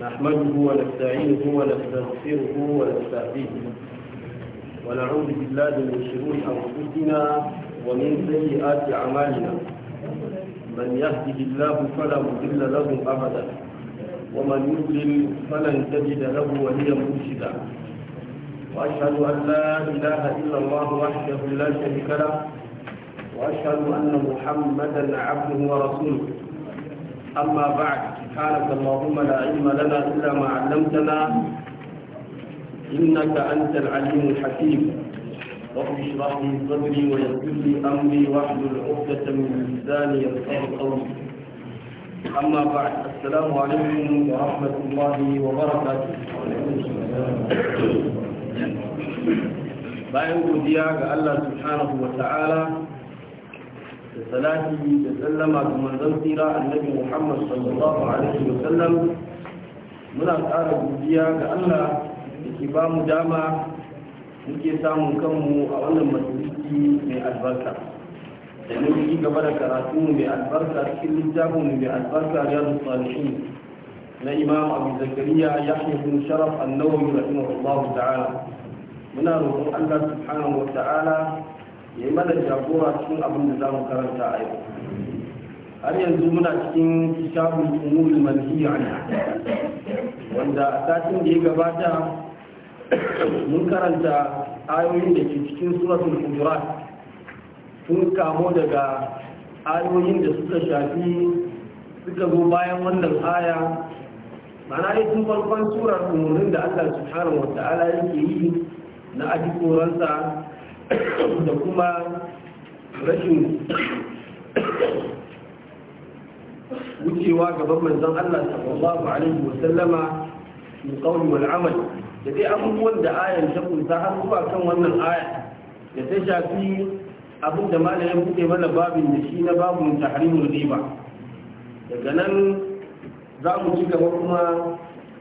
نحمده ونستعينه ونستغفره ونستهديه ونعوذ بالله من شرور أنفسنا ومن سيئات أعمالنا من يهده الله فلا مضل له أبدا ومن يضلل فلن تجد له وليا مرشدا وأشهد أن لا إله إلا الله وحده لا شريك له وأشهد أن محمدا عبده ورسوله أما بعد سبحانك اللهم لا علم لنا إلا ما علمتنا إنك أنت العليم الحكيم رب اشرح لي صدري ويسر لي أمري واحلل عقدة من لساني يفقه قولي أما بعد السلام عليكم ورحمة الله وبركاته bayan godiya ga Allah subhanahu wa ta'ala salati da sallama ga manzon tsira annabi Muhammad sallallahu alaihi wa sallam muna ƙara godiya ga Allah da ke ba mu dama muke samun kanmu a wannan majalisi mai albarka da mun yi gaba da karatu mai albarka cikin littafin mai albarka riyadu salihin na imam abu zakariya yahya bin sharaf annawawi rahimahullahu ta'ala muna roƙon Allah subhanahu ya yi mana jagora cikin abin da za mu karanta a yau har yanzu muna cikin kitabun umuri manhiya wanda a satin da ya gabata mun karanta ayoyin da ke cikin suratul hujurat sun kamo daga ayoyin da suka shafi suka zo bayan wannan aya mana ya tun farkon surar umarnin da Allah subhanahu wa ala yake yi na aji koransa da kuma rashin wucewa gaban manzon Allah sallallahu alaihi wa sallama min qawli wal amal da dai abubuwan da ayan ta kunta har zuwa kan wannan aya da ta shafi abin da malam ya buɗe mana babin da shi na babu tahrimul riba daga nan za mu ci gaba kuma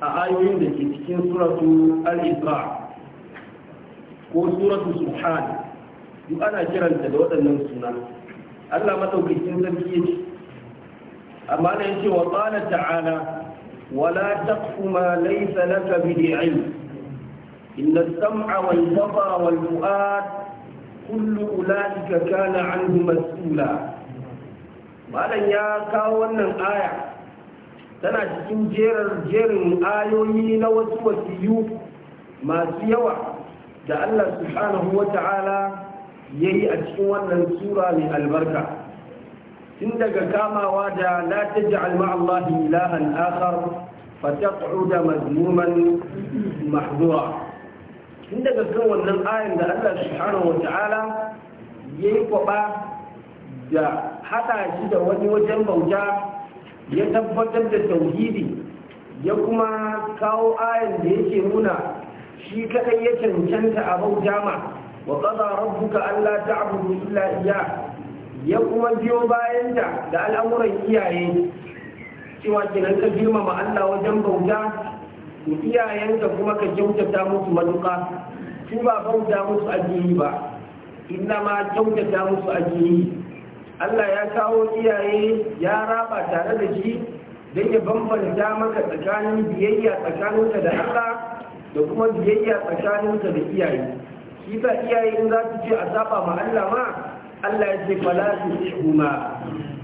a ayoyin da ke cikin suratu al-isra ko suratu subhan duk ana kiranta da waɗannan suna Allah madaukakin sarki yake amma ne yake wa qala ta'ala wala taqfu ma laysa laka bihi ilm inna as-sam'a wal basara wal fu'ad kullu ulaika kana 'anhu mas'ula malan ya kawo wannan aya tana cikin jerar jerin ayoyi na wasu wasiyu masu yawa da Allah subhanahu wa ta'ala ya yi a cikin wannan sura mai albarka tun daga kamawa da la ta ji alma'allahi ilahan akhar فتقعد مذموما محظورا tun daga kan wannan ayin da Allah subhanahu wa ya yi kwaba da haɗa shi da wani wajen bauta ya tabbatar da tauhidi ya kuma kawo ayin da yake nuna shi kaɗai ya cancanta a bauta ma وقضى ربك ألا تعبدوا إلا إياه ya kuma biyo bayan da al'amuran iyaye cewa kenan ka girmama Allah wajen bauta to iyayenka kuma ka kyautata musu matuƙa su ba bauta musu ajiyi ba inna ma kyautata musu ajiyi Allah ya kawo iyaye ya raba tare da shi don ya bambanta maka tsakanin biyayya tsakaninka da Allah da kuma biyayya tsakaninka da iyaye shi sa iyaye in za su ce a saba ma Allah ma Allah ya ce fala tuhuma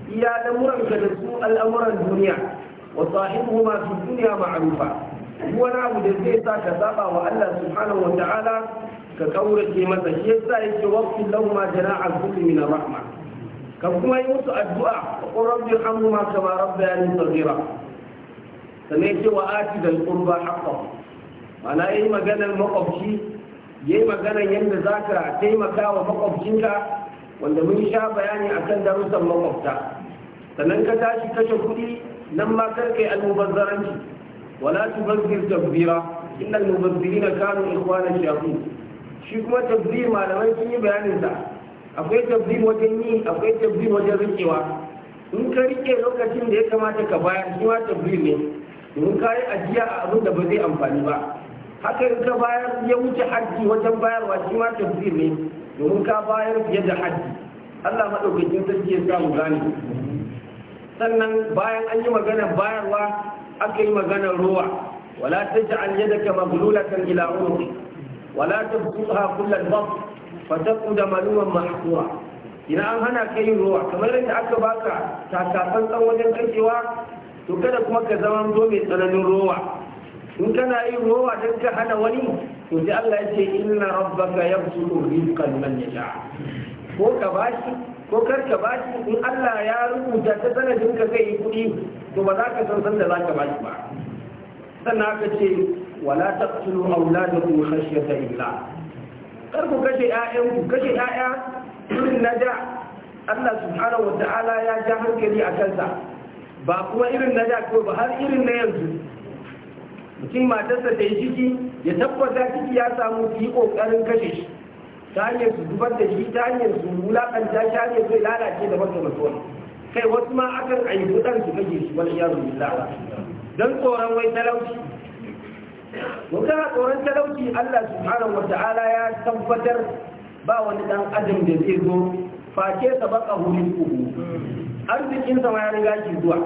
iya lamuran ka da su al'amuran duniya wa sahibuhuma fi dunya ma'rufa wani abu da zai sa ka saba wa Allah subhanahu wa ta'ala ka kaurace masa shi yasa yake waqtin lauma jana'a kulli min rahma ka kuma yi musu addu'a wa qur rabbi hamma kama rabbayani saghira sanai ce wa ati dal qurba haqqan ma'ana yi maganar makwabci Yi magana yadda za ka taimaka wa makwabcinka wanda mun sha bayani a kan darussan makwabta sannan ka tashi kashe kuɗi nan ma kar kai almubazzaranci wala bazzir tabbira inna almubazzirina kanu ikhwana shafi shi kuma tabbir malamai sun yi bayanin sa akwai tabbir wajen yi akwai tabbir wajen rikewa in ka rike lokacin da ya kamata ka bayar shi ma tabbir ne in ka yi ajiya a abin da ba zai amfani ba haka ka bayar ya wuce hajji wajen bayarwa shi ma tafsir ne domin ka bayar fiye da hajji Allah madaukakin sarki ya samu gane sannan bayan an yi maganar bayarwa aka yi maganar ruwa wala ta taj'al yadaka maghlulatan ila unuqi wala ta tabsuha kullal bas fataqud maluman mahsura ina an hana ka yin ruwa kamar yadda aka baka takafan tsawon wajen kashewa to kada kuma ka zama zo mai tsananin ruwa in kana yin rowa don ka hana wani to sai Allah ya ce inna rabbaka yabsutu rizqan man yasha ko ka bashi ko kar ka bashi in Allah ya rubuta ta sanadin ka kai kuɗi to ba za ka san san da za ka bashi ba sannan aka ce wala taqtulu awladakum khashyata illa kar ku kashe ƴaƴanku kashe ƴaƴa irin na da Allah subhanahu wa ta'ala ya ja hankali a kansa ba kuma irin na da ko ba har irin na yanzu mutum matarsa ta yi ciki ya tabbata ciki ya samu su yi ƙoƙarin kashe shi ta hanyar su zubar da shi ta hanyar su wulaƙanta shi hanyar su lalace da wata mutuwa kai wasu ma akan aiki ɗan su kashe shi wani yaro lawa don tsoron wai talauci mutum a tsoron talauci Allah subhanahu wa ta'ala ya tabbatar ba wani ɗan adam da zai zo face sabaka hulun kuhu arzikinsa ma ya riga shi zuwa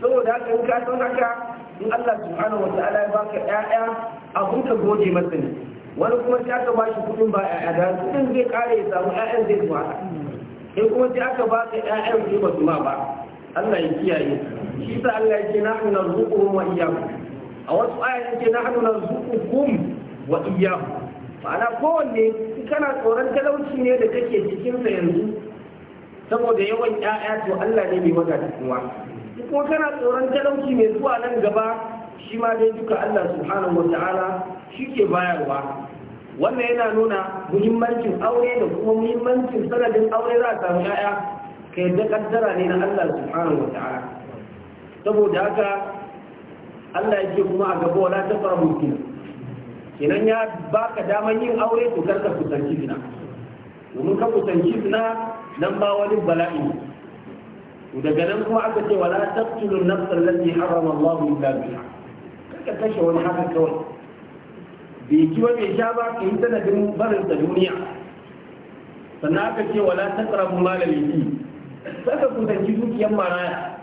saboda haka in ka san haka in Allah subhanahu wa ta'ala ya baka ƴaƴa a ka goje masa ne wani kuma sai aka bashi kuɗin ba ƴaƴa da kudin zai kare ya samu ƴaƴan zai zuwa in kuma sai aka baka ƴaƴan sai ba su ma ba Allah ya kiyaye shi sa Allah ya ce na nahnu narzuquhum wa iyyakum a wasu aya yake nahnu narzuqukum wa iyyakum ma'ana kowanne kana tsoron talauci ne da kake cikinsa yanzu saboda yawan ƴaƴa to Allah ne mai wadata kuma kuma kana tsoron talauci mai zuwa nan gaba shi ma dai duka Allah subhanahu wata'ala shi ke bayarwa wannan yana nuna muhimmancin aure da kuma muhimmancin sanadin aure za a samu ya'ya ka yadda kaddara ne na Allah subhanahu wata'ala saboda haka Allah yake kuma a gaba wala ta fara mutum kenan ya baka daman yin aure to karka kusanci zina domin ka kusanci zina nan ba wani bala'i daga nan kuma aka ce wala taqtulu nafsan allati harrama Allah illa biha kaka kashe wani haka kawai bai ki ba bai sha ba ka yi sanadin barin sa duniya sannan aka ce wala taqrabu mal al-yatim saka kusanci dukiyar maraya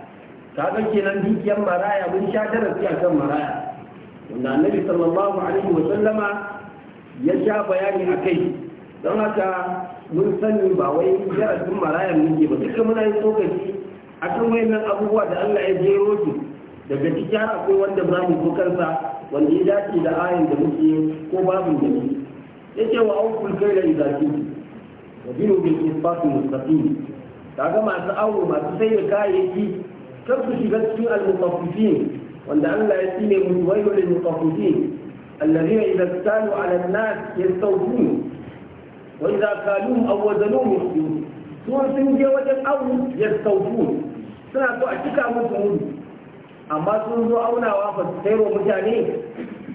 kaga kenan dukiyar maraya mun sha darasi akan maraya wanda annabi sallallahu alaihi wa sallama ya sha bayani a kai. don haka mun sani ba wai darasin maraya muke ba duka muna yin tsokaci akan wayannan abubuwa da Allah ya jero su daga ciki har akwai wanda za mu kansa wanda ya dace da ayin da muke ko babu da ni Ya ce wa aukul kaila idza kiti wa binu bil isbat mustaqim kaga masu awo masu sai da kayayyaki kar su shiga cikin al-mutaffifin wanda Allah ya tsine mu wailul lil mutaffifin alladhina idza kanu ala an-nas yastawfun wa idza kaluhum aw wazanuhum sun je wajen awu yastawfun suna so a cika musu mudu amma sun zo aunawa ba su wa mutane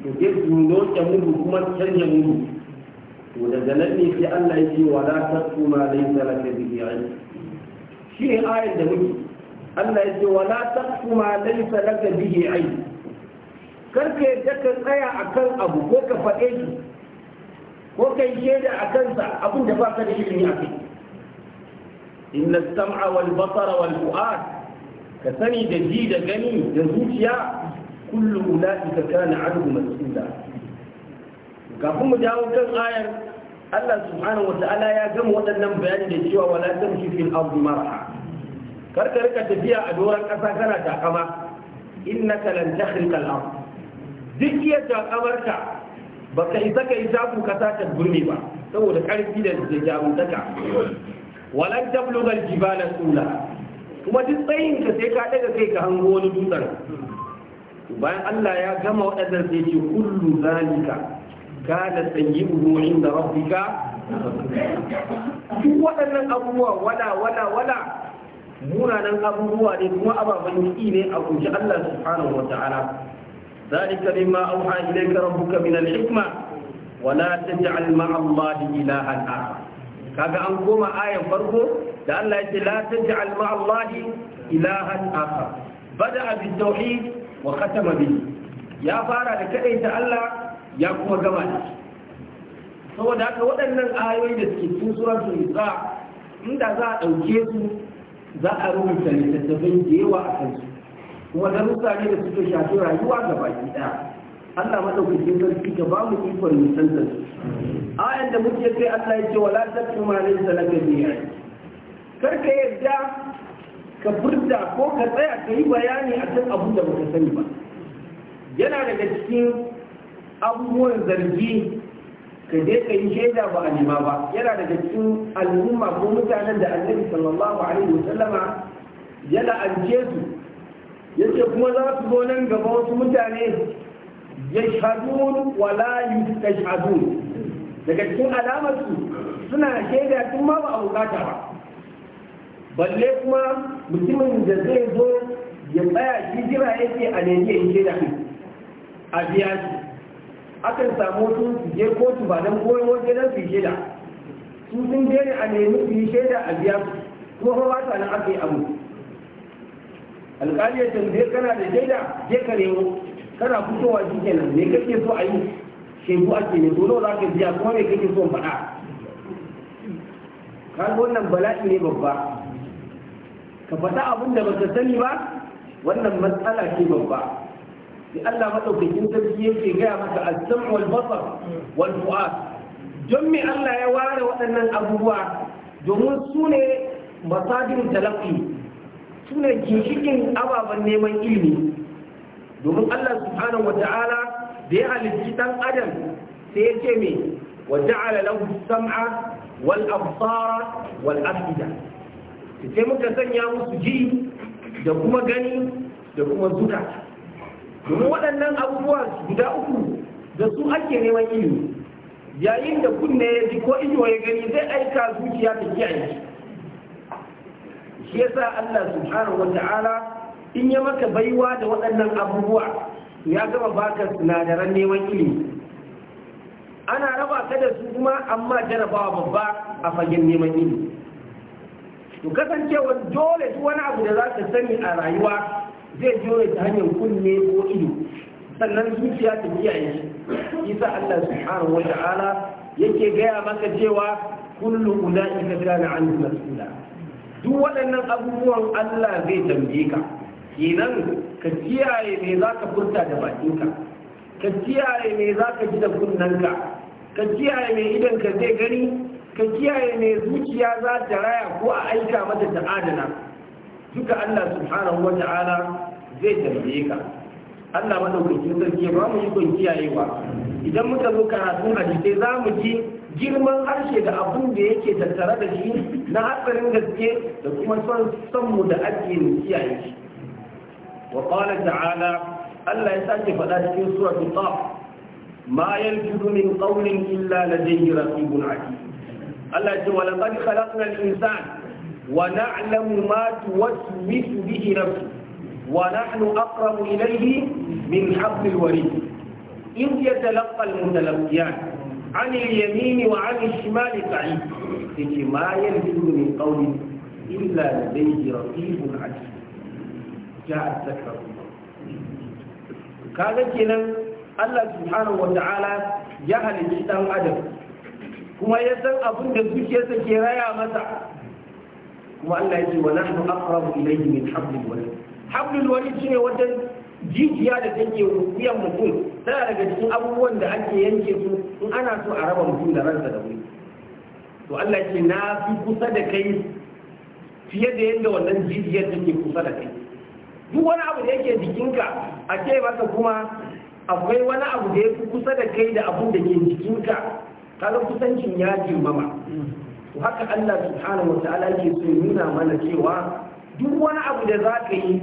to ke su roƙe mudu kuma su canja mudu to daga nan ne sai Allah ya ce wa la taqu ma laysa laka bihi ilm shi ne ayar da muke Allah ya ce wa la taqu ma laysa laka bihi ilm kar ka yadda ka tsaya akan abu ko ka faɗe shi ko ka yi shaida a kansa abin da ba ka da ilimi a kai إن sam'a wal والفؤاد ka sani da ji da gani da zuciya kullu ula'ika kana anhu mas'ula kafin mu dawo kan ayar Allah subhanahu wata'ala ya gama waɗannan bayani da cewa wala tamshi fil ardi marha kar ka rika tafiya a doran ƙasa kana takama innaka lan tahriqa al ard duk iya takamarka baka isa ka isa ku kasa ta gurmi ba saboda ƙarfi da jabutaka walan tabluga al jibala sula kuma duk tsayin ka sai ka daga kai ka hango wani dutsen bayan Allah ya gama waɗannan sai ce kullu zalika tsayi sayyi'uhu inda rabbika duk waɗannan abubuwa wala wala wala munanan abubuwa ne kuma ababen yi ne a kunshi Allah subhanahu wa ta'ala zalika mimma auha ilayka rabbuka min al-hikma ولا تجعل مع الله إلها آخر kaga an koma ayan farko da Allah yake la taj'al ma'a Allah ilahan akhar bada bi tauhid wa khatama bi ya fara da kadaita Allah ya kuma gama da saboda haka waɗannan ayoyi da suke cikin suratul nisa inda za a ɗauke su za a rubuta littattafai da yawa a kansu kuma rusa ne da suke shafi rayuwa gaba ɗaya Allah madaukakin sarki ka ba mu ikon nisanta su ayan da muke kai Allah ya ce wala tattu ma laysa laka bi kar ka yadda ka burta ko ka tsaya ka yi bayani a akan abun da baka sani ba yana daga cikin abubuwan zargi ka je ka yi shaida ba a nema ba yana daga cikin al'umma ko mutanen da annabi sallallahu alaihi wa sallama ya la'ance su yace kuma za su zo nan gaba wasu mutane yashhadun wa la yustashhadun daga cikin alamarsu suna shaida tun ma ba a bukata ba balle kuma mutumin da zai zo ya tsaya shi jira yake a nemi ya shaida a biya shi akan samu su su je kotu ba don goyon waje don su yi shaida su sun je ne a nemi su yi shaida a biya su kuma ba ba ta nan aka yi abu alƙali ya tambaye kana da shaida je ka nemo kana fitowa shi kenan me kake so a yi a ake ne dole za ka biya kuma me kake so faɗa kaga wannan bala'i ne babba ka faɗa abin da baka sani ba wannan matsala ce babba sai Allah madaukakin sarki yake gaya maka al sam wal basar wal fu'ad don me Allah ya ware waɗannan abubuwa domin su ne masadir talaqqi su ne ginshikin ababen neman ilimi domin Allah subhanahu wata'ala da ya halitta dan adam sai ya ce me wa ja'ala lahu sam'a wal absara wal afida sai muka sanya musu ji da kuma gani da kuma zuta. domin waɗannan abubuwa guda uku da su ake neman ilimi yayin da kunne ya ji ko ido ya gani zai aika zuciya ta kiyaye shi yasa Allah subhanahu ta'ala. in yi maka baiwa da waɗannan abubuwa ya gama baka sinadaran neman ilimi ana raba ka da su kuma amma jarabawa babba a fagen neman ilimi to kasancewar dole duk wani abu da za ka sani a rayuwa zai jure ta hanyar kunne ko ilimi sannan zuciya ta kiyaye shi isa Allah subhanahu wa ta'ala yake gaya maka cewa kullu ulaika kana an mas'ula duk waɗannan abubuwan Allah zai tambaye ka kenan ka kiyaye me za ka furta da bakinka ka kiyaye me za ka ji da kunnanka ka kiyaye me idan ka zai gani ka kiyaye me zuciya za ta raya ko a aika mata ta adana duka Allah subhanahu wa ta'ala zai tambaye ka Allah madaukakin sarki ba mu yi kiyayewa idan muka zo karatun hadisai za mu ji girman harshe da abun da yake tattare da shi na hatsarin gaske da kuma son mu da ake kiyaye shi وقال تعالى ألا يسأتي فلا في سورة الطاف ما يلفظ من قول إلا لديه رقيب عتيد الله يقول ولقد خلقنا الإنسان ونعلم ما توسوس به نفسه ونحن أقرب إليه من حبل الوريد إذ يتلقى المتلقيان عن اليمين وعن الشمال قعيد ما يلفظ من قول إلا لديه رقيب عتيد ja'at takrahu kaga kenan Allah subhanahu wata'ala ya halicci dan adam kuma ya san abin da zuciyarsa ke raya masa kuma Allah ya ce wa nahnu aqrabu ilayhi min hablil warid hablil warid shine wata jijiya da take wuyan mutum tana daga cikin abubuwan da ake yanke su in ana so a raba mutum da ransa da wuri to Allah ya ce na fi kusa da kai fiye da yadda wannan jijiyar take kusa da kai duk wani abu da yake jikinka a ce maka kuma akwai wani abu da ya fi kusa da kai da abun da ke jikinka kaga kusancin ya girmama to haka Allah subhanahu wataala ke so nuna mana cewa duk wani abu da za ka yi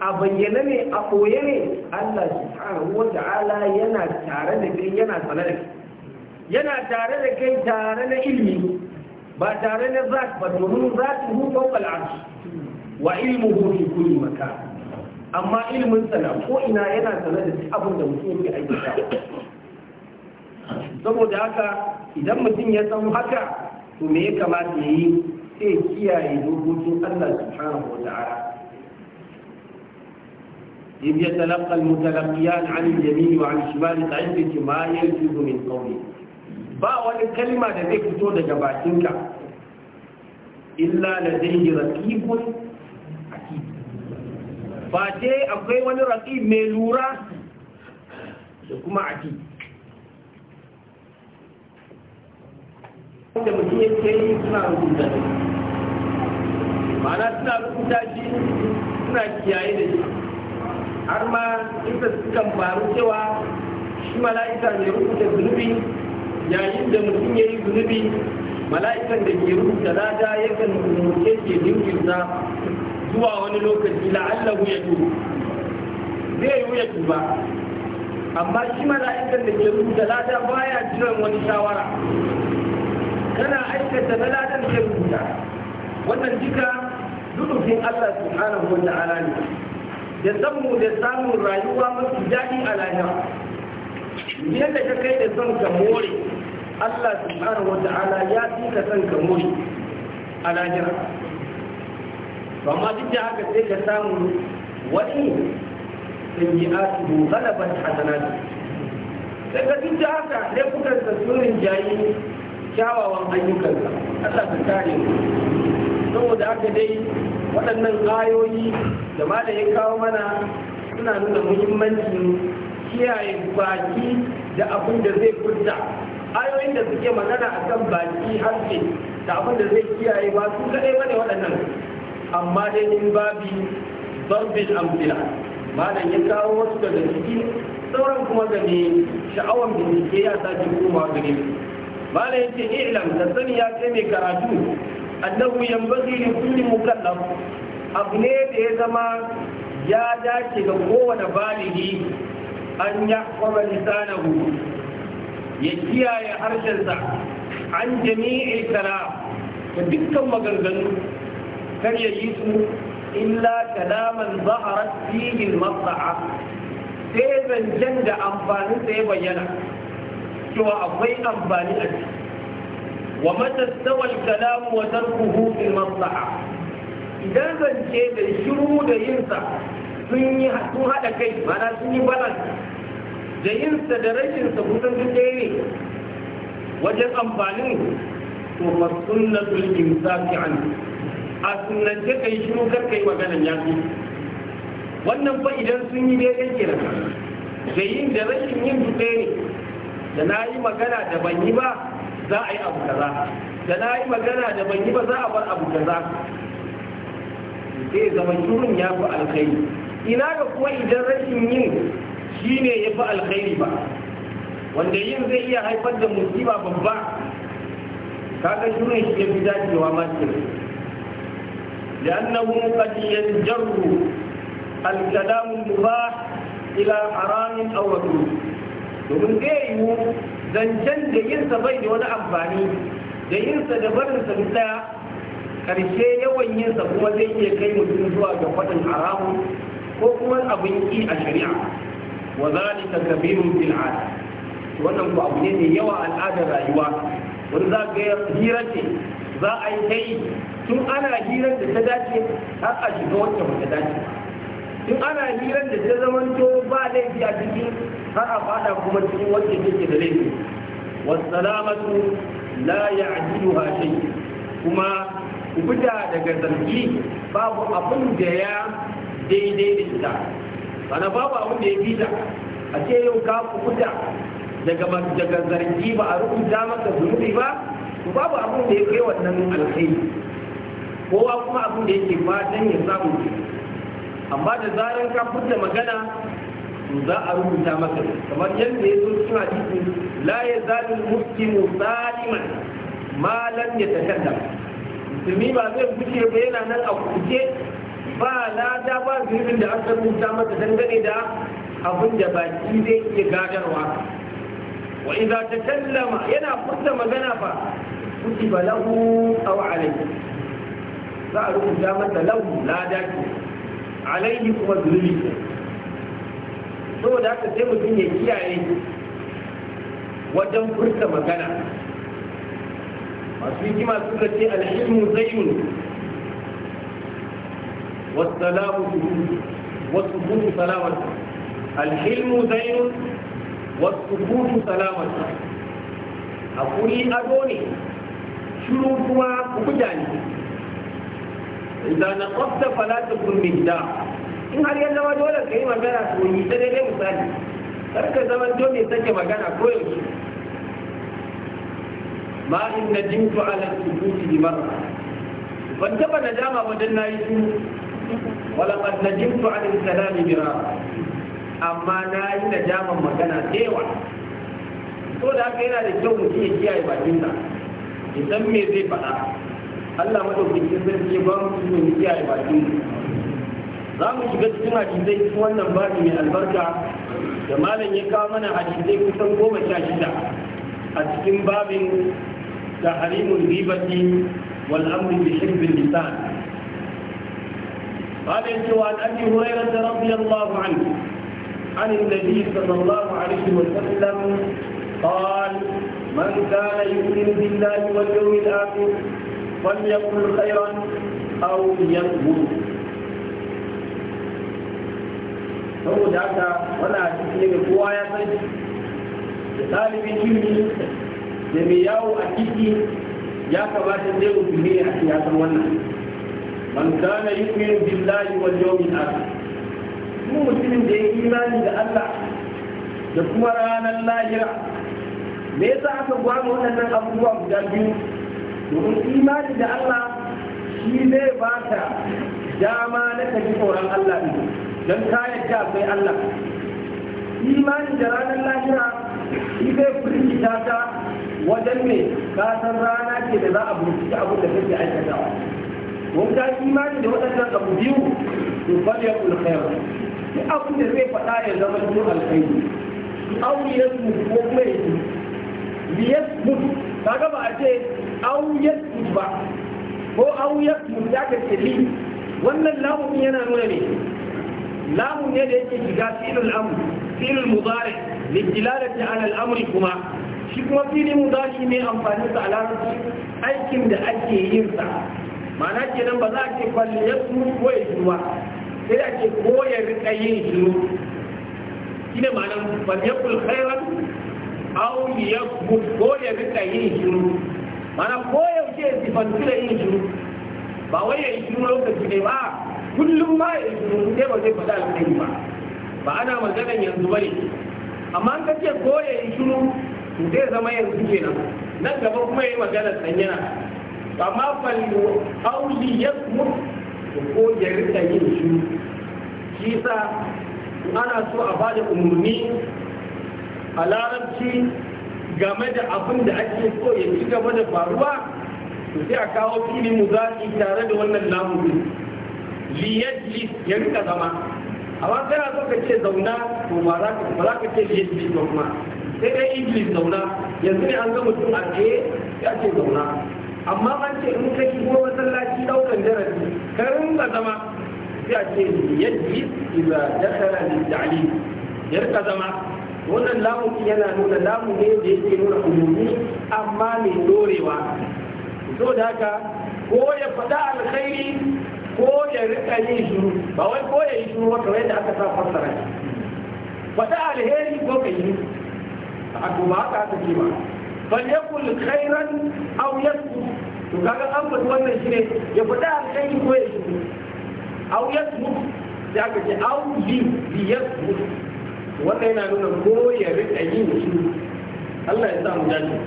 a bayyane ne a koye ne Allah subhanahu wataala yana tare da kai yana sanar da kai yana tare da kai tare na ilimi ba tare na zaki ba domin zaki fawqa al-arsh wa ilmuhu fi kulli makan amma ilimin sana ko ina yana sanar da duk abin da mutum yake aikata saboda haka idan mutum ya san haka to me ya kamata ya yi sai kiyaye dokokin Allah subhanahu wa ta'ala إذ يتلقى المتلقيان عن اليمين وعن الشمال تعرف ما يلفظ من قوله ba wani kalima da zai fito daga bakinka illa ladayhi raqibun ba ce akwai wani raƙi mai lura da kuma aki da mutum yake yi suna rubuta shi ma'ana suna rubuta shi suna kiyaye da shi har ma inda sukan faru cewa shi mala'ika mai rubuta zunubi yayin da mutum ya yi zunubi mala'ikan da ke rubuta lada yakan rubuta ke na. zuwa wani lokaci la'allahu ya duba, zai yi ya duba. amma shi mala'ikan da ke rubuta lada baya jiran wani shawara kana aikata na ladan ke rubuta wannan duka lulufin Allah subhanahu wa ta'ala ne da zammu da samun rayuwa mafi daɗi a lahira yadda ka kai da son ka more Allah subhanahu wa ta'ala ya fi ka son ka more a lahira to duk da haka sai ka samu wani sayyi'atu ghalabat hasanatu sai ka duk da haka sai kuka tasirin jayi kyawawan ka Allah ka kare mu saboda haka dai waɗannan ayoyi da da ya kawo mana suna nuna muhimmancin kiyaye baki da abin da zai furta ayoyin da suke magana akan baki harshe da abin da zai kiyaye ba su kaɗai bane waɗannan amma dai in babi zarbin amfila malam ya kawo wasu daga ciki sauran kuma da ne sha'awar bincike ya sake kuma gare su malam ya ce ilam da sani ya kai mai karatu annahu yanbaghi li kulli mukallaf abu ne da ya zama ya dace ga kowane baligi an ya kwaba lisanahu ya kiyaye harshensa an jami'i kara da dukkan maganganu kar ya yi su illa kalaman zaharar filin matsa'a sai zancen da amfanin sa ya bayyana cewa akwai amfani a ciki wa matastawal kalamu wa tarkuhu fil matsa'a? idan zance da shiru da yinsa sun yi sun haɗa kai mana sun yi balance da yinsa da rashinsa kusan duk ɗaya ne wajen amfanin to masunnatul imsaki anhu a sunance kai shiru kar kai maganan ya fi wannan fa idan sun yi daidai kenan da yin da rashin yin duk ne da na yi magana da ban yi ba za a yi abu kaza da na yi magana da ban yi ba za a bar abu kaza zai zama shirin ya fi alkhairi ina ga kuma idan rashin yin shi ne ya fi alkhairi ba wanda yin zai iya haifar da musiba babba kaga shirin shi ya fi dacewa masu لأنه قد ينجر الكلام المباح إلى حرام أو مكروه ومن غيره زنجان ينسى بيد ولا أفاني ينسى دبر سبتا كرشي يوين ينسى هو زي يكي مجنزوا جفتا حرام وهو الأبنكي الشريعة وذلك كبير في العالم وأنه أبنيني يوى الآدر أيوة وإذا غير هيرتي za a yi kai tun ana hirar da ta dace har a shiga wacce ba ta dace tun ana hirar da ta to ba laifi a cikin har a fada kuma cikin wacce take da laifi wasalamatu la ajiyu shay kuma ku fita daga zargi babu abin da ya daidai da ita bana babu abin da ya fi a ce yau ka ku fita daga zargi ba a rubuta maka zunubi ba to babu abin da ya kai wannan alkhairi kowa kuma abin da yake fatan ya samu amma da zarar ka furta magana za a rubuta maka kamar yadda ya zo cikin hadisi la yazalu muslimu saliman ma lam yatakallam musulmi ba zai fice ba yana nan a kuke ba lada ba zunubin da aka rubuta masa dangane da abin da baki zai iya gadarwa wa idza takallama yana furta magana fa كتب له أو عليه za a rubuta masa lahu lada ke alaihi kuma zunubi ke saboda haka sai mutum ya kiyaye wajen furta magana masu hikima suka ce alhilmu zayyun wasalamu wasu butu salamata alhilmu zayyun wasu butu salamata hakuri ado ne shiru kuma kuja ne idan na tsafta falata gurbin da in har yadda ma dole ka yi magana to yi ta daidai misali kar ka zama to mai sake magana koyaushe ma in na jimtu ala sukuti di marra ban taba nadama wajen na yi Wala ban na ala salami bira amma na yi nadaman magana da yawa so da haka yana da kyau mutum ya kiyaye bakinsa idan me zai faɗa Allah maɗaukaki sarki ya ba mu su ne ya yi za mu shiga cikin hadisai cikin wannan babi mai albarka da malam ya kawo mana hadisai kusan goma sha shida a cikin babin da harimun ribati wal amri bi shirbin lisan babin cewa an abi hurairar da rabbi allahu an an yi nabi sallallahu alaihi wasallam قال من كان يؤمن بالله واليوم الآخر فليقل خيرا أو ليكبر saboda haka wani hadisi ne ga kowa ya san da talibin ilimi da mai yawo a ciki ya kamata zai musulmi ne a siyasar wannan man gane kana yu'minu billahi wal yawmil akhir mu mutumin da ya imani da Allah da kuma ranar lahira me yasa aka gwamo wannan abubuwa guda biyu domin imani da Allah shi ne ba ta dama na ka ji tsoron Allah ne don ka yadda akwai Allah imani da ranar lahira shi zai firgita ta wajen me ka san rana ce da za a bincike abin da kake aikatawa wani ta imani da waɗannan abu biyu to bal ya kula khayr duk abin da zai faɗa ya zama cikin alkhairi aure ya ko kuma ya mutu ta gaba a ce au yasbut ba ko au yasbut ya ka li wannan lamun yana nuna ne lamun ne da yake shiga filin amr filin mudari lidilalati ala al-amri kuma shi kuma filin mudari ne amfani sa a larabci aikin da ake yin sa ma'ana kenan ba za a ce falyasbut ko ya ba sai ake ce ko ya rika yin shiru shine ma'anar falyakul khairan aw yakbut ko ya rika yin shiru mana ko yaushe ya sifantu da yin shiru ba wai ya yi shiru lokaci ne ba kullum ma ya yi shiru sai ba zai faɗa alƙairi ba ba ana maganan yanzu ba ne. amma an kace ko ya yi shiru to zai zama yanzu kenan nan gaba kuma ya yi magana sanyana Ba amma fal auli yakmut ko ya rika yin shiru shi sa ana so a bada umarni a larabci game da abin da ake so ya ci gaba da faruwa to sai a kawo fili muzaki tare da wannan lamurin liyajli ya rika zama amma kana so ka ce zauna to ba za ka ce liyajli ba kuma sai dai iblis zauna yanzu ne an ga mutum a tsaye ya ce zauna amma an ce in ka shigo masallaci daukan darasi ka rinka zama sai a ce yajlis idza dakhala lit ta'lim ya rika zama wannan lamun yana nuna lamun ne da yake nuna umumi amma mai dorewa so da haka ko ya faɗa alkhairi ko ya rika yi shiru ba wai ko ya yi shiru ba kamar yadda aka sa fassara faɗa alheri ko ka yi a kuma haka aka ce ba bal yakul khairan aw yasku to kaga an faɗi wannan shine ya faɗa alkhairi ko ya shiru aw yasku da aka ce aw bi bi wanda yana nuna ko ya rika yin shi Allah ya sa mu dace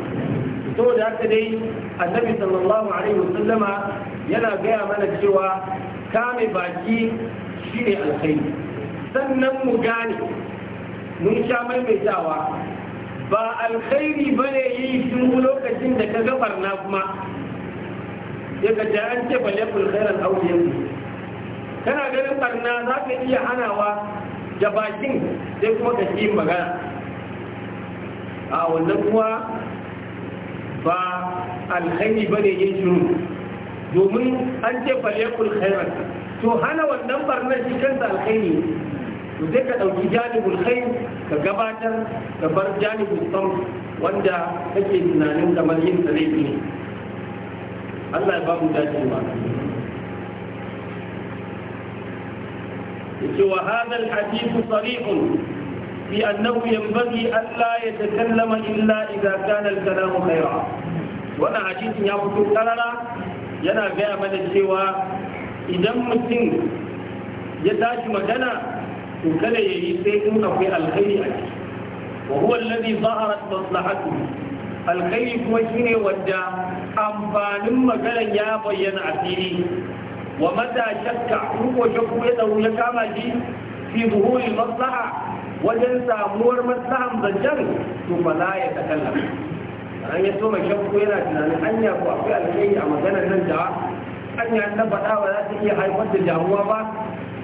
saboda haka dai annabi sallallahu alaihi wasallama yana gaya mana cewa kame baki shine alkhairi sannan mu gane mun sha maimaitawa ba alkhairi bane yi shiru lokacin da ka gabar na kuma daga da an ce auliyan kana ganin barna za ka iya hanawa da bakin sai kuma ka ci magana a wannan kuwa, ba alkhairi ba ne yin shiru domin an ce falekul khairar to hana wannan barnar shi kanta alkhairi to sai ka ɗauki janibul khair ka gabatar ka bar janibul sam wanda kake tunanin kamar yin sa ne Allah ya ba mu dacewa وهذا الحديث صريح في أنه ينبغي أن لا يتكلم إلا إذا كان الكلام خيرا وانا حديث يا فتو كلنا ينا غير من الشيوى إذا مسلم يتاش مجانا وكلا يسيئون في الخير أجل وهو الذي ظهرت مصلحته الخير كوشين ودى أمبان مجانا يا بيان عسيري wa mata shakka ko shakku ya daru ya kama shi fi zuhuri maslaha wajen samuwar maslahan zancen to fa la ya takalla an ya so mai shakku yana tunanin anya ko akwai alheri a maganar nan da anya na faɗa ba za ta iya haifar da damuwa ba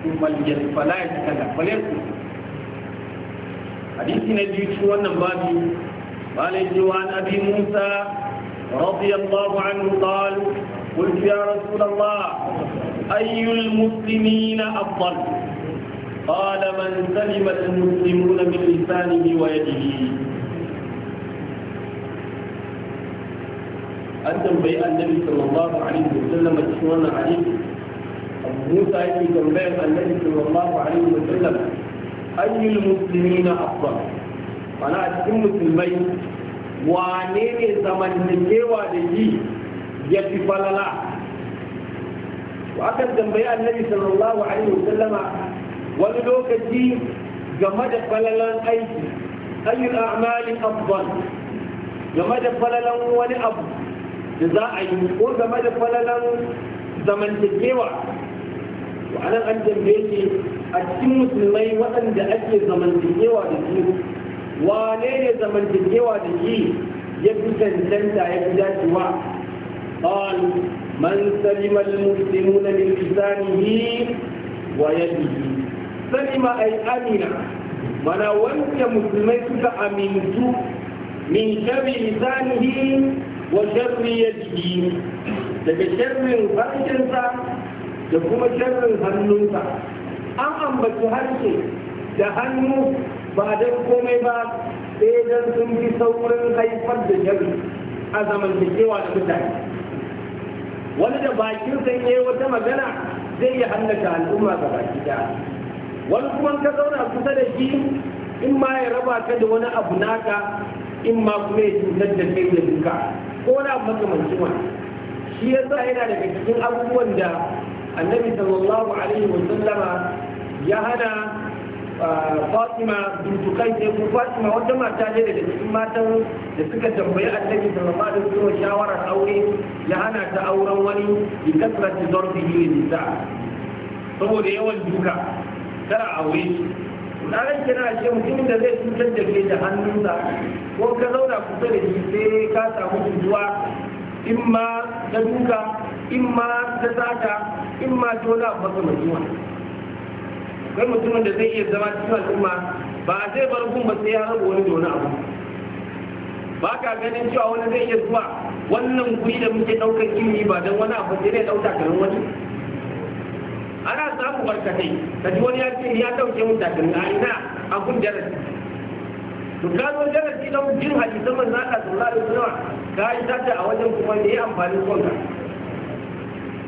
to fa hadisi na biyu cikin wannan babi قال عن أبي موسى رضي الله عنه قال قلت يا رسول الله أي المسلمين أفضل قال من سلم المسلمون من لسانه ويده أنت مبيع النبي صلى الله عليه وسلم تشوان عليه أبو موسى يتنبيه النبي صلى الله عليه وسلم أي المسلمين أفضل فأنا أتكلم في البيت وعنيني زمن الجيوة لجيه ya fi falala wa aka tambayi annabi sallallahu alaihi wasallama wani lokaci game da falalan aiki ayyul a'mali afdal game da falalan wani abu da za a yi ko game da falalan zamantakewa wa anan an tambaye shi a cikin musulmai waɗanda ake zamantakewa da shi wane ne zamantakewa da shi ya fi cancanta ya fi dacewa قال من سلم المسلمون من لسانه ويده سلم أي أمن من وانت مسلمتك أمنت من شر لسانه وشر يده daga sharrin harshensa da kuma sharrin hannunsa an ambaci harshe da hannu ba don komai ba sai don sun fi saurin haifar da sharri a zamantakewa da mutane wani da bakin sai ne wata magana zai yi hannaka al'umma ga baki da wani kuma ka zauna kusa da shi in ma ya raba ka da wani abu naka in ma kuma ya cutar da kai da duka ko wani abu makamancin wani shi yasa yana daga cikin abubuwan da annabi sallallahu alaihi wa sallama ya hana Fatima bintu kai ne ko Fatima wata mata ne daga cikin matan da suka tambayi Annabi sallallahu alaihi wasallam shawarar aure ya hana ta auren wani bi kasrati zarfihi nisa saboda yawan duka tara aure ranar kira ce mutumin da zai cutar da ke da hannunsa ko ka zauna kusa da shi sai ka samu cutuwa in ma ta duka in ma ta sata in ma ta wani abu makamacin kan mutumin da zai iya zama cikin al'umma ba zai bar gun ba sai ya rabu wani da wani abu ba ka ganin cewa wani zai iya zuwa wannan guri da muke ɗaukar ilimi ba don wani abu sai zai ɗauka garin wani ana samun barkatai ka ji wani ya ce ya ɗauke mun takalmi a ina a gun darasi to ka zo darasi don jin hadisan manzo Allah sallallahu alaihi wasallam ka yi ta a wajen kuma ne ya amfani kanka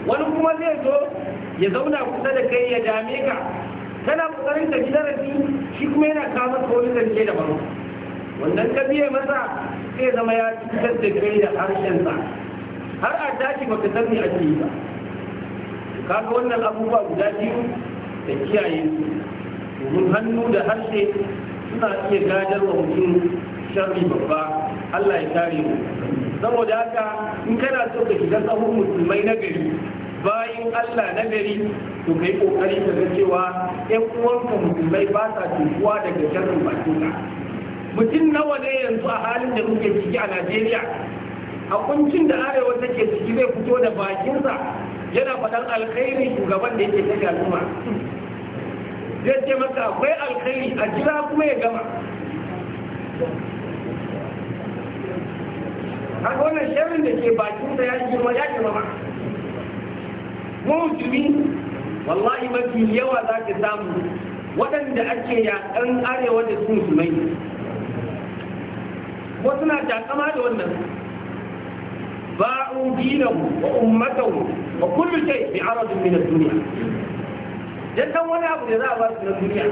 wani kuma zai zo ya zauna kusa da kai ya dame ka kana kokarin ka ji darasi shi kuma yana kama tsohonin da ke da baro wannan ka biye masa sai zama ya cutar da kai da harshen sa, har a tashi baka san a ake yi ba kaga wannan abubuwa guda biyu da kiyaye su domin hannu da harshe suna iya gadar wa mutum sharri babba Allah ya kare mu saboda haka in kana so ka shiga tsawon musulmai na gari bayin Allah na gari to kai kokari ka ga cewa ƴan uwanka musulmai ba sa cikuwa daga sharrin bakin ka mutum nawa ne yanzu a halin da muke ciki a Najeriya a kuncin da arewa take ciki zai fito da bakinsa yana faɗan alkhairi shugaban da yake tafi al'umma zai ce maka akwai alkhairi a jira kuma ya gama haka wannan sharrin da ke bakinsa ya girma ya girma mutumi wallahi mafi yawa za ka samu waɗanda ake yaƙan arewa da su musulmai Ko suna takama da wannan ba'u dinahu wa ummatahu wa kullu shay bi aradin min ad-dunya dan dan wani abu da za a ba su na duniya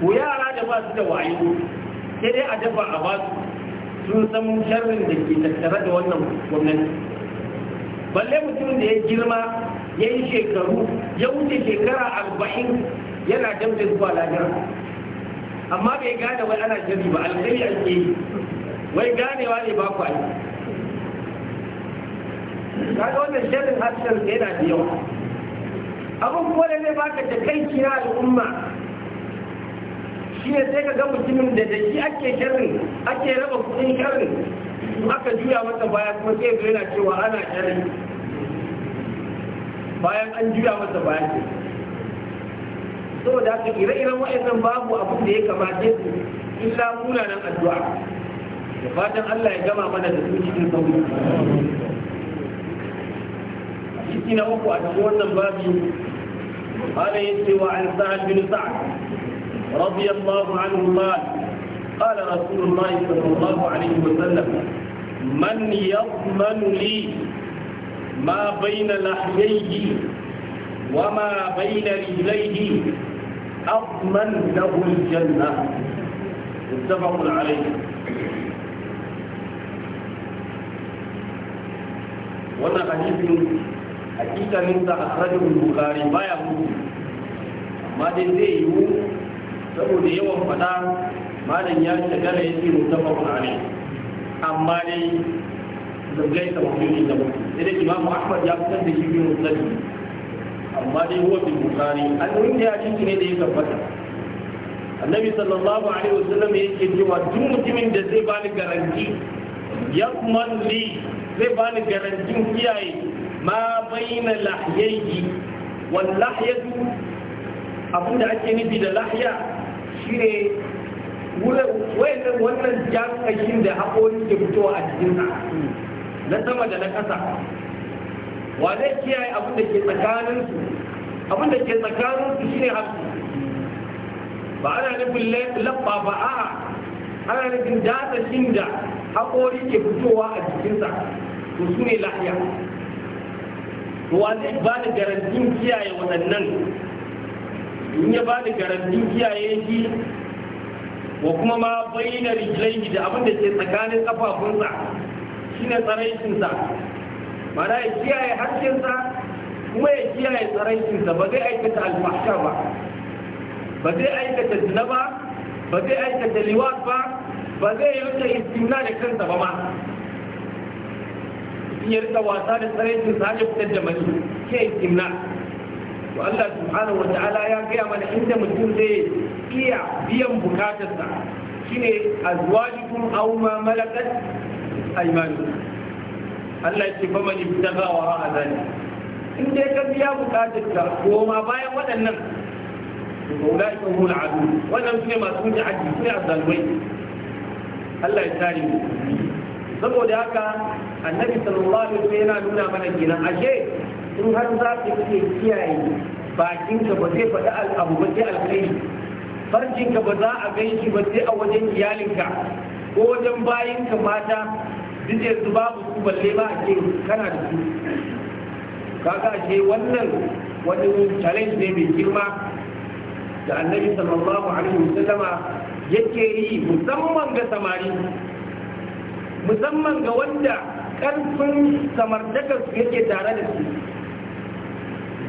ko yara da ba su da wayo sai dai a dafa a ba su sun san sharrin da ke tattare da wannan gwamnati balle mutum da ya girma ya yi shekaru ya wuce shekara arba'in yana dam zuwa lahira amma bai gane wai ana jari ba alkhairi ake yi wai ganewa ne ba kwaye kaga wannan sharrin hasken yana da yawa abin kuma da zai baka takaici na al'umma shi ne sai ka ga mutumin da da shi ake sharrin ake raba kudin sharrin aka juya masa baya kuma sai ga yana cewa ana sharri bayan an juya masa baya ce saboda haka ire-iren wa'annan babu abin da ya kamace su illa munanan addu'a da fatan Allah ya gama mana da su cikin sauri Ciki na uku a cikin wannan babu قال يسوع عن سعد بن سعد رضي الله عنه قال قال رسول الله صلى الله عليه وسلم من يضمن لي ما بين لحييه وما بين رجليه أضمن له الجنة متفق عليه وانا حديث حقيقة من اخرجه البخاري ما يقول ما دي dai saboda yawan faɗa malam ya shagala ya ce mutafakun alai amma dai zangai ta mafi da mutu sai dai imamu ahmad ya fitar da shi biyu mutsari amma dai huwa bin bukari ne a cikin ne da ya tabbata annabi sallallahu alaihi wasallam ya ce cewa duk mutumin da zai bani garanti ya kuma li zai bani garantin kiyaye ma bayyana lahiyayi wal lahiyatu abinda ake nufi da lahiya shine wayannan wannan jan da haƙorin ke fitowa a jikinsa? na sama da na ƙasa wa zai kiyaye abin da ke tsakanin su abin da ke tsakanin su shine haƙi ba ana nufin labba ba a'a ana nufin dasashin da haƙori ke fitowa a jikinsa to su ne lahiya to wa zai ba da garantin kiyaye waɗannan in ya bani garantin kiyaye shi wa kuma ma bayyana rijlaihi da abin da ke tsakanin kafafunsa shi ne tsaraicinsa da ya kiyaye harshensa kuma ya kiyaye tsaraicinsa ba zai aikata alfahsha ba ba zai aikata zina ba ba zai aikata liwat ba ba zai wata istimna da kansa ba ma in yarda rika wasa da tsaraicinsa har ya fitar da mani ke istimna to Allah subhanahu wata'ala ya gaya mana inda mutum zai iya biyan bukatarsa shine azwajikum aw ma malakat aymanukum Allah ce fa man ibtaga wa ra'a zalik in dai ka biya bukatarka ko ma bayan waɗannan to ulai ka hul adu wannan sune masu wuce haji sune azzalwai Allah ya tare mu saboda haka annabi sallallahu alaihi wasallam yana nuna mana kenan ashe in har za ka iya kiyaye bakinka ba zai faɗi abu ba sai alkhairi ka ba za a gan shi ba sai a wajen iyalinka ko wajen ka mata duk su babu su balle ba a kana da su kaga ce wannan wani challenge ne mai girma da annabi sallallahu alaihi wasallam yake yi musamman ga samari musamman ga wanda karfin samartakar su yake tare da su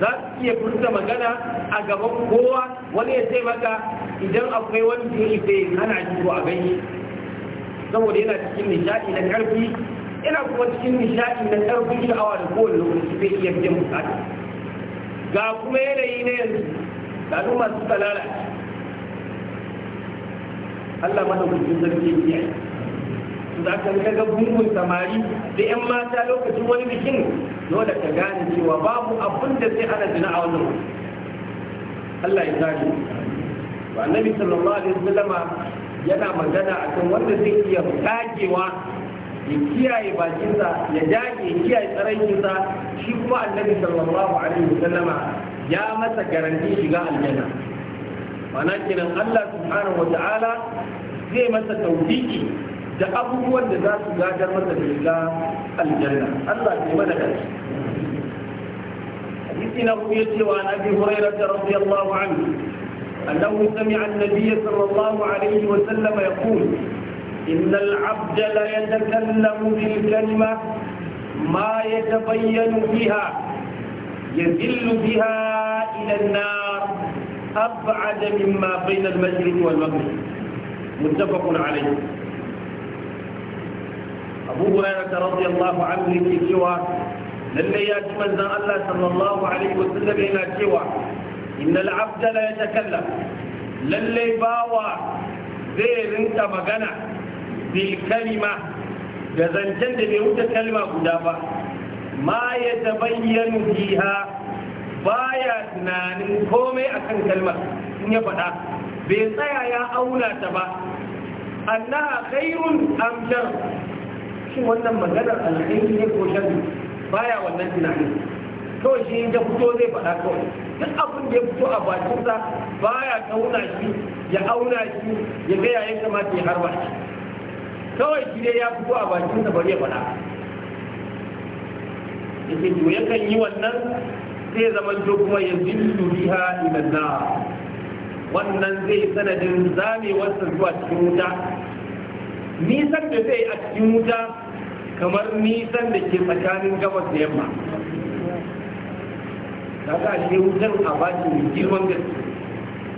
za su iya furta magana a gaban kowa wani ya sai maka idan akwai wani da ya ife ana jiko a ganye saboda yana cikin nishaɗi na ƙarfi ina kuma cikin nishaɗi na ƙarfin sha'awa da kowane lokaci zai iya fiye bukata ga kuma yanayi na yanzu da al'umma masu talala Allah madaukakin sarki ya yi su za ka ga gungun samari da 'yan mata lokacin wani bikin dole ka gane cewa babu abin da zai hana zina a wannan wuri Allah ya tsari ba annabi sallallahu alaihi wasallama yana magana akan wanda zai iya dagewa ya kiyaye bakinsa ya dage ya kiyaye kisa shi kuma annabi sallallahu alaihi wasallama ya masa garanti shiga aljanna mana kenan Allah subhanahu wata'ala zai masa tawfiki da abubuwan da za su gadar masa da shiga الجنة الله يمدك حديثنا رؤية وعن أبي هريرة رضي الله عنه أنه سمع النبي صلى الله عليه وسلم يقول إن العبد لا يتكلم بالكلمة ما يتبين بها يذل بها إلى النار أبعد مما بين المسجد والمغرب متفق عليه abu hurairah radiyallahu anhu yake cewa lalle ya ci manzon Allah sallallahu alaihi wasallam yana cewa innal abda la yatakallam lalle bawa zai rinka magana bil kalima da zancen da bai wuce kalma guda ba ma ya tabayyan fiha baya tunanin komai akan kalmar in ya faɗa bai tsaya ya auna ta ba annaha khairun amjar cikin wannan maganar alkhairi ne ko shan baya wannan ne, kawai shi ya fito zai faɗa kawai duk abin da ya fito a bakinsa baya kauna shi ya auna shi ya ga yayin kamata ya harba shi kawai shi ne ya fito a bakinsa bari ya faɗa yake to yakan yi wannan zai zama to kuma ya zillu biha ila nar wannan zai sanadin zamewarsa zuwa cikin wuta nisan da zai a cikin wuta kamar nisan da ke tsakanin gabas da yamma ka shi wutar a ce mai girman gaske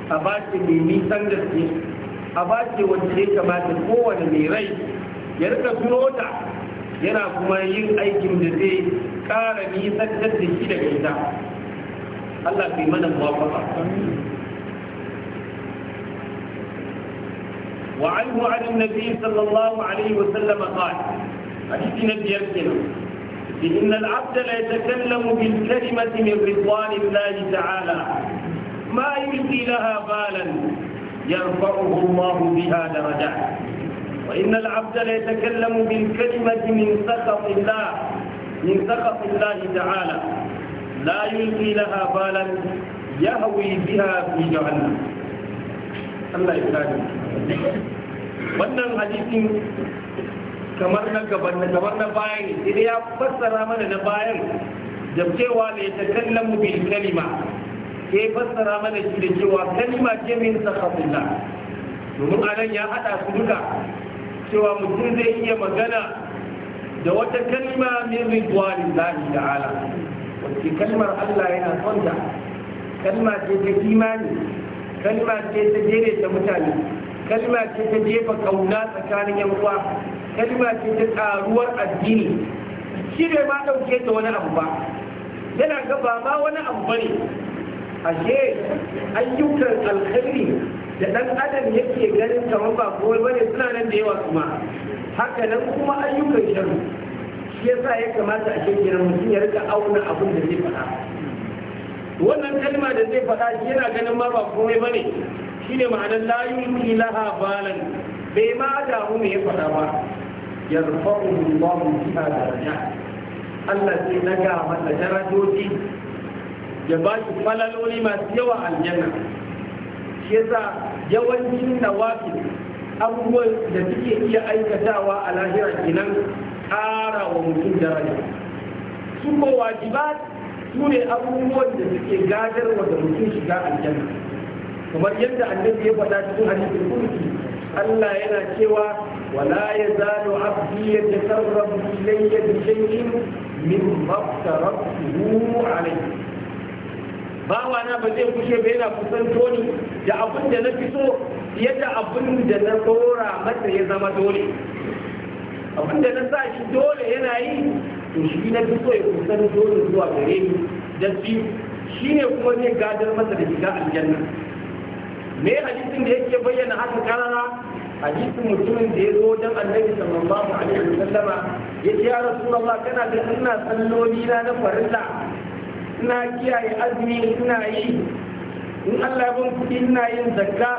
a ce mai nisan gaske a bace wacce ya kamata kowane mai rai ya rika suno ta yana kuma yin aikin da zai kara nisan da shi daga ita Allah kai mana muwafaka وعنه عن النبي صلى الله عليه وسلم قال حديث نبيار إن العبد لا يتكلم بالكلمة من رضوان الله تعالى ما يلقي لها بالا يرفعه الله بها درجات وإن العبد لا يتكلم بالكلمة من سخط الله من سخط الله تعالى لا يلقي لها بالا يهوي بها في جهنم الله يسلمك وأن الحديث kamar na gaban kamar na bayan idan ya fassara mana na bayan da cewa ne ta kallon bil kalima ke fassara mana shi da cewa kalima ce min sakhatullah domin anan ya hada su duka cewa mutum zai iya magana da wata kalima min ridwanin lahi ta'ala wacce kalmar Allah yana son ta kalma ce ta imani kalma ce ta jere ta mutane kalma ce ta jefa kauna tsakanin yan uwa kalma ce ta karuwar addini shi bai ma dauke ta wani abu ba yana ga ba ma wani abu bane ashe ayyukan alkhairi da dan adam yake ganin kamar ba kowai bane suna nan da yawa kuma haka nan kuma ayyukan sharri shi yasa ya kamata a shekira mutum ya rika auna abin da zai faɗa wannan kalma da zai faɗa shi yana ganin ma ba komai bane ne ma'anar la yulqi laha balan bai ma damu me ya faɗa ba yarfa'u Allahu biha darajat Allah sai daga masa darajoji ya ba shi falaloli masu yawa aljanna shi yasa yawancin nawafi abubuwan da suke iya aikatawa a lahira kenan ƙara wa mutum daraja su ko wajibat su ne abubuwan da suke gadarwa da mutum shiga aljanna kamar yadda annabi ya faɗa cikin hadisin kursi Allah yana cewa wala yazalu abdi yatakarrabu ilayya bi shay'in min maftaratuhu alayhi bawa na ba zai kushe ba yana kusan toni da abin da na fi so yadda abin da na tsora masa ya zama dole abin da na sa shi dole yana yi to shi na fi so ya kusan dole zuwa gare ni da shi ne kuma zai gadar masa da shiga aljanna me hadisin da yake bayyana haka karara hadisin mutumin da ya zo wajen annabi sallallahu alaihi wasallama ya ce ya rasulullah kana da ina salloli na na farilla ina kiyaye azumi ina yi in Allah ya ban kuɗi ina yin zakka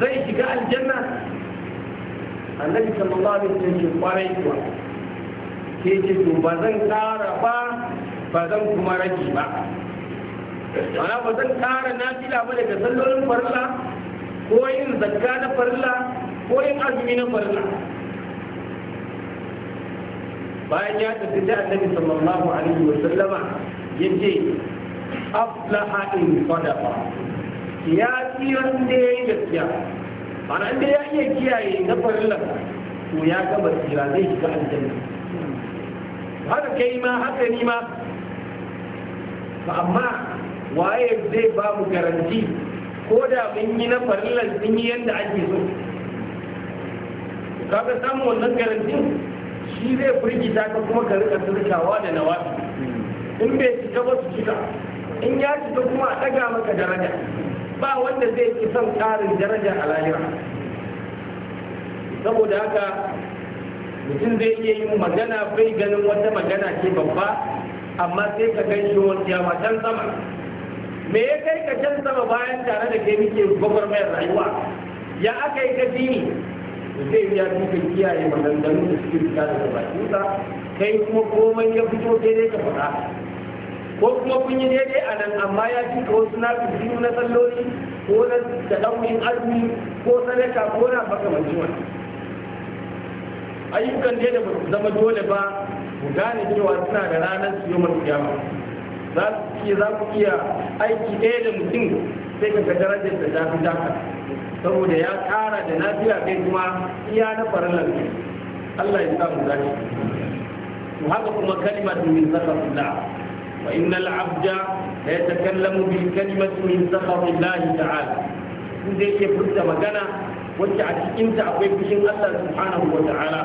zai shiga aljanna annabi sallallahu alaihi wasallam ya kwarai kuwa ke ce to ba zan ƙara ba ba zan kuma rage ba ana ba zan kara fila ba daga sallolin farla ko yin zakka na farla ko yin azumi na farla bayan ya tafi da annabi sallallahu alaihi wa sallama yace aflaha in sadaqa ya tsira inda yayi gaskiya ana inda ya iya kiyaye na farla to ya gaba tsira zai shiga aljanna haka kai ma haka ni ma amma waye zai ba mu garanti ko da mun yi na farillan sun yi yadda ake so kaga samun wannan garantin shi zai firgita ka kuma ka rika turkawa da nawa in bai cika ba su cika in ya cika kuma a maka daraja ba wanda zai fi son karin daraja a lahira saboda haka mutum zai iya yin magana bai ganin wata magana ke babba amma sai ka gan shi wani yawa can sama me ya kai ka can sama bayan tare da ke muke gwagwarmayar rayuwa ya aka yi kafi da zai ya duka kiyaye maganganu da suke fita daga bakinsa kai kuma komai ya fito daidai ka faɗa ko kuma kun yi daidai a nan amma ya ci ka wasu na biyu na salloli ko na da ɗauyin azumi ko sadaka ko na makamancin wani ayyukan ne da ba su zama dole ba ku gane cewa suna da ranar su yi kiyama za ku iya aiki ɗaya da mutum sai ka gajara da ta fi daka saboda ya kara da lafiya kai kuma iya na farin lafiya Allah ya samu zafi haka kuma kalimatu min sakatillah wa innal abda la yatakallamu bil kalimati min sakatillah ta'ala inda ke furta magana wacce a cikinta akwai fushin Allah subhanahu wa ta'ala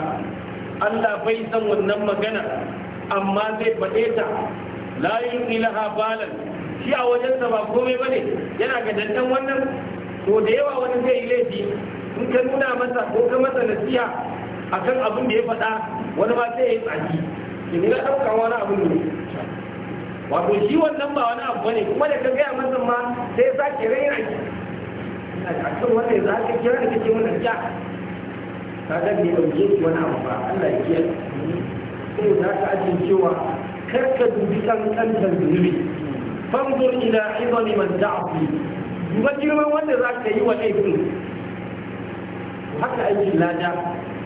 Allah bai san wannan magana amma zai faɗe ta la yulqi laha balan shi a wajensa ba komai bane yana ga dandan wannan to da yawa wani zai yi laifi in ka nuna masa ko ka masa nasiha akan abin da ya faɗa wani ma sai ya yi tsaki in ga ɗauka wani abin ne wato shi wannan ba wani abu bane kuma da ka gaya masa ma sai ya sake raina shi a kan wanda za ka kira da kake wannan ja ka ga bai ɗauke shi wani abu ba Allah ya kiyaye sai za ka cewa ka dubi kankantar zunubi fanzur ila a man ta'afi duba girman wanda za ka yi wa laifin haka aikin lada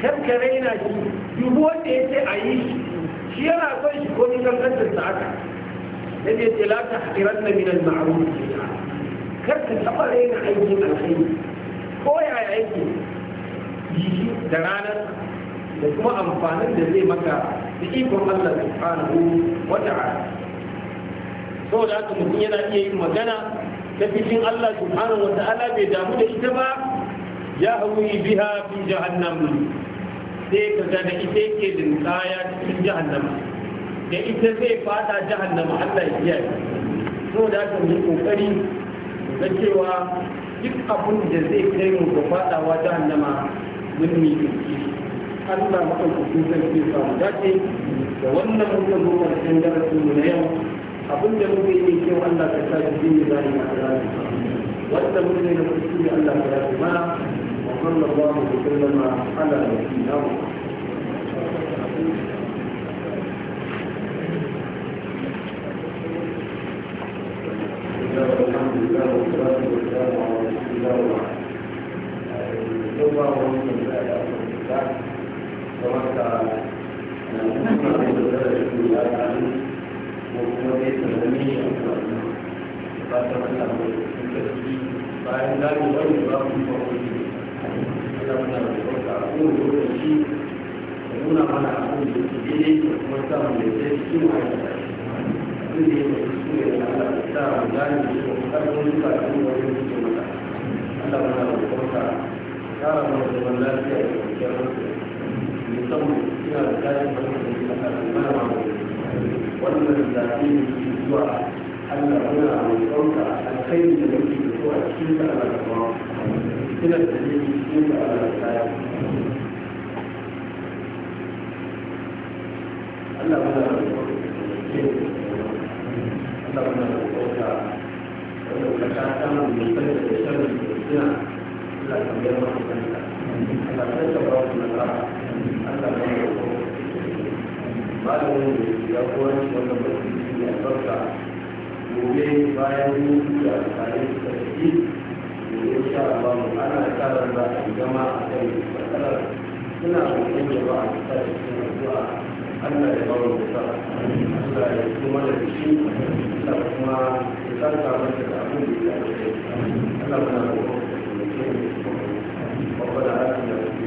kakka raina shi dubi wanda ya ce a yi shi shi yana son shi ko ni kankantar sa haka dan ya ce la ta hakiranna min al-ma'ruf taɓa aikin alkhairi ko yaya aiki yi da ranar da kuma amfanin da zai maka da ikon Allah subhanahu wa ta'ala saboda haka mutum yana iya yin magana ta cikin Allah subhanahu wa ta'ala bai damu da ita ba ya hawi biha fi jahannam sai ka ga da ita yake linkaya cikin jahannama da ita zai fada jahannama Allah ya kiyaye saboda haka mu kokari da cewa duk abin da zai kai mu ga fadawa jahannama mun mi حتى مقل تسلسل في صادقاته وانا مجد هو الحنجرة من يوم أقول لهم بإذن كيو أن لا تساعد الدين ذلك على وانت مجد أن تسلسل أن لا تساعد ما وصلى الله وسلم على نبينا Thank you. Allah mana da kwanta, ƙara mana da lafiya da kwanciyar hankali. يسوي فيها ذلك وأن الذين يسوع أن هنا الصوت الخير الذي يسوع كيف على الأسرار إلى الدليل كيف على الأسرار أن هنا أن هنا الصوت ولو تشاكم من سنة لسنة لا تبين ما تنسى أن تنسى برأس من رأس malamin da ya kowanci wannan gobe bayan yin da tare da shi gobe sha Allah ana tsara da a gama a kan matsalar suna da da kuma da da kuma da da da kuma da